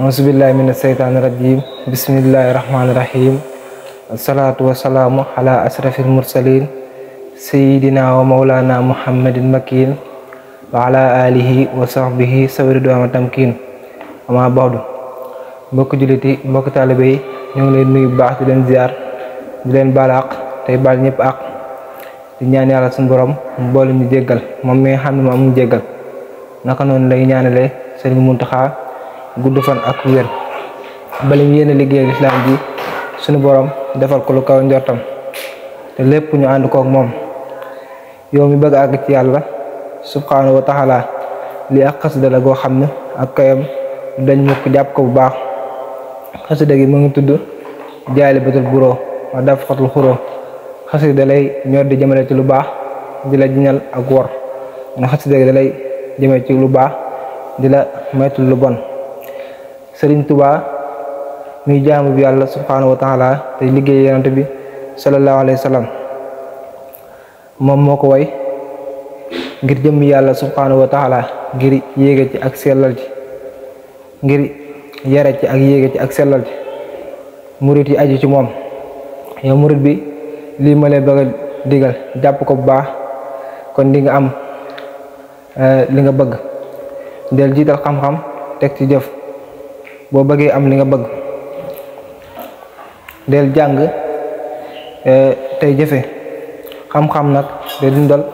Auzubillahi minasyaitonirrajim. Bismillahirrahmanirrahim. Assalatu wassalamu ala asrafil mursalin sayyidina wa maulana Muhammadin makin wa ala alihi wa sahbihi sawir du'a tamkin. Ama ba'du. Mbokk juliti, mbokk talibé yi ñu ngi leen nuyu baax ziar di balak. balaq tey bal ak Dinyani ñaan borom mu boole ñu jéggal moom mi nga xam ne moom mu jéggal naka gudd fan ak wér ba lim yéen a liggéeyal lislaam ji sunu borom defal ko lu kaw njortam te lépp ñu ànd koog moom yow mi bëgg àgg ci yàlla subhanahu wa taala li ak xasida la goo xam ne ak kayam dañ mukk jàpp ko bu baax xasida gi mu ngi tudd batul buro wa daf xatul xasida lay ñor di jëmale ci lu baax di la jiñal ak wor xasida gi dalay jëme ci lu baax di la maytul lu bon Serigne Touba muy jaamu bi allah subhanahu wa taala te liggéey yonent bi sallallahu alayhi wasallam mom moko way ngir jëmm allah subhanahu wa taala ngir yegge ci ak selal ci ngir yare ci ak yegge ci ak selal ci murit yi aji ci mom yow murit bi li male lay digal japp ko baax kon di nga am eh, li nga bëgg del jital xam-xam tek ci def boo bëggee am li nga bëgg del jàng eh, tey jëfe xam-xam nag day dundal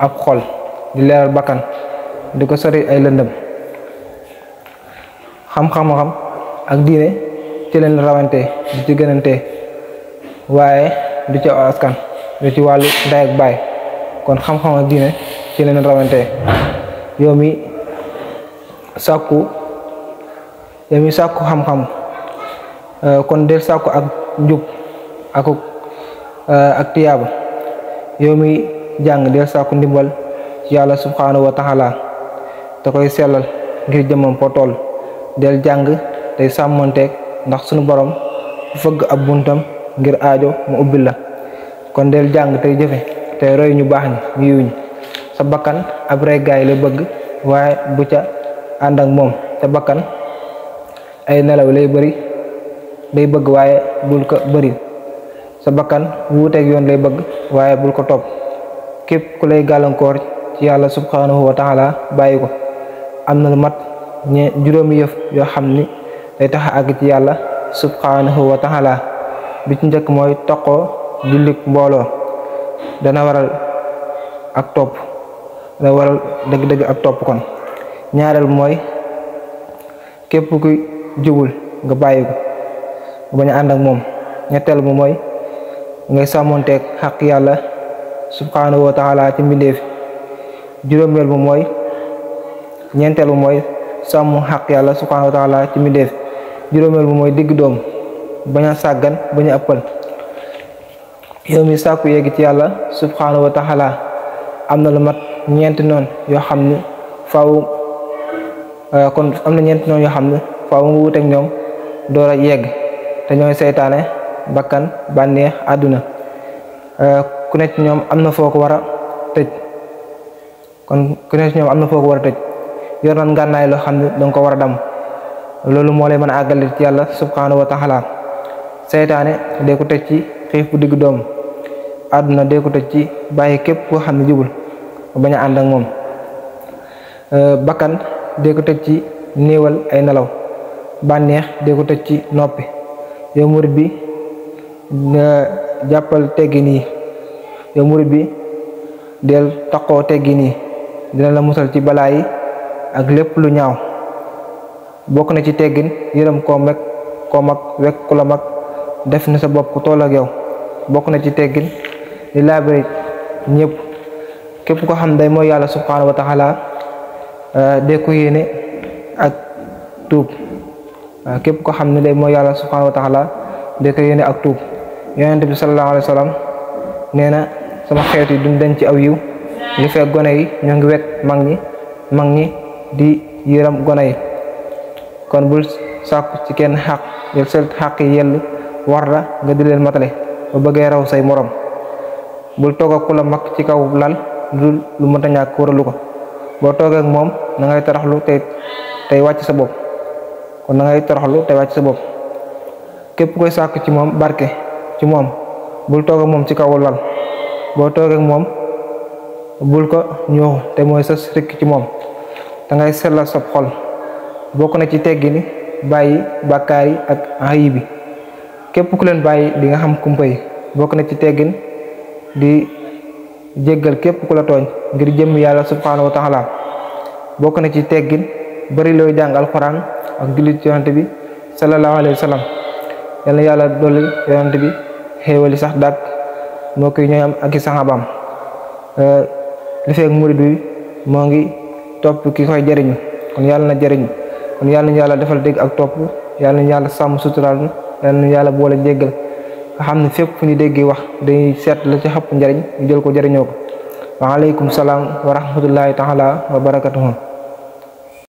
ab xol di leeral bakkan di ko sori ay lëndëm xam-xam xam ak diine ci leen rawante du ci waaye du ca askan du ci wàllu nday ak baay kon xam-xam ak diine ci leen rawante yow mi yaa ngi hamham, xam-xam eh, kon del sàkku ak njub akuk ak eh, tiyaba yomi jang jàng del sàkku ndimbal ci ya yalla subhanahu wa taala te koy ngir jëmam po tol del jang tay samonté ndax sunu borom fëgg ab buntam ngir aajo mu ubbil la kon del jang tay jëfé tay roy ñu bax ñu yuñ sa bakkan ab gaay la bëgg waye bu ca ak moom ca bakkan ay nelaw lay bari day bëgg waye bul ko bari sa bakkan wuuteeg yoon lay bëgg waye bul ko top kep ku lay galankor ci yalla subhanahu wa taala bayiko amna lu mat ñe juroom yëf yo xamni day tax ag ci yalla subhanahu wa taala bi ci ndek moy toko mbolo dana waral ak top dana waral deug deug ak top kon ñaaral moy kep kuy jubul nga bàyyi ko nga baña and ak mom ñettel ba moy ngay ak xaq yalla subhanahu wa taala ci mbindeef juróomeel ba moy ñentel ba moy sàmm xaq yalla subhanahu wa taala ci mbindeef juróomeel ba moy digg dom baña baña yow mi yegg ci yalla subhanahu wa taala amna lu mat ñent non yo xamni faaw euh, kon amna ñent non yo xamni faaw ñoom door yegg te ñooy bakkan bànneex àdduna euh, ku ne ci ñoom am na foo ko war a tëj kon ku ne ñoom am na foo ko war a tëj yor nan ngànnaay loo xam ne danga ko war a dam loolu moo lay mën a àggale ci yàlla subhanahu woo taala seytaane dee ko tëj ci xiif bu digg doom àdduna dee ko tëj ci bàyyi képp koo xam ne jubul bañ a ànd moom euh, bakkan dee ko tëj ci néewal ay nelaw bànneex dee ko teg ci noppi yow murit bi jàppal teggin yi yow murit bi del taqoo teggin yi dina la musal ci balaa ak lépp lu ñaaw bokk na ci teggin yërëm koo mag koo mag wekk def na sa bopp ku toll ak yow bokk na ci teggin di laabari ñëpp képp ko xam day mooy yàlla subhanahu wa taala ah, dee ko ak tuub Ah, képp ko xam ne day mooy yàlla subhanahu wa taala de ko yéene ak tuub yonente bi sallallahu alayhi wa sama xeet yi duñ denc ci aw yiw li fekk gone yi ñoo ngi wet mag ñi mag ñi di yëram gone yi kon bul sàkku ci kenn xaq yel sel xaq yi yell nga di leen matale ba bëggee raw say morom bul toog ak ku mag ci kaw lal lu lu mënta ñàkk waralu ko boo toog ak moom da ngay taraxlu tey tey wàcc sa bopp kon da ngay toroxlu te wacc sa bop kep koy sàkk ci mom barke ci mom bul toog mom ci kaw lal bo toog ak mom bul ko ñuuxu te moy sa rikk ci mom da ngay selal sa xol bokku na ci teggini bayyi bakari ak ayibi kep ku len bayyi di nga xam kumpa yi bokk na ci teggin di jéggal képp ku la tooñ ngir jëm yàlla subhanahu wa taala bokk na ci teggin bari looy jàng alquran ak jullit yonante bi sallallahu alayhi wa sallam yal yàlla dolli yonante bi xéewali sax dàkk moo koy ñooy am ak i saxaabaam li feeg murid bi moo ngi topp ki koy jëriñu kon yàlla na jariñ kon yàlla na yàlla defal dégg ak topp yàlla na yàlla sàmm suturaal yàlla na yàlla boole jéggal nga xam ne fépp fu ñu déggee wax dañuy seet la ci xëpp njëriñ ñu jël ko jariñoo ko waaleykum salaam wa rahmatullahi taala wa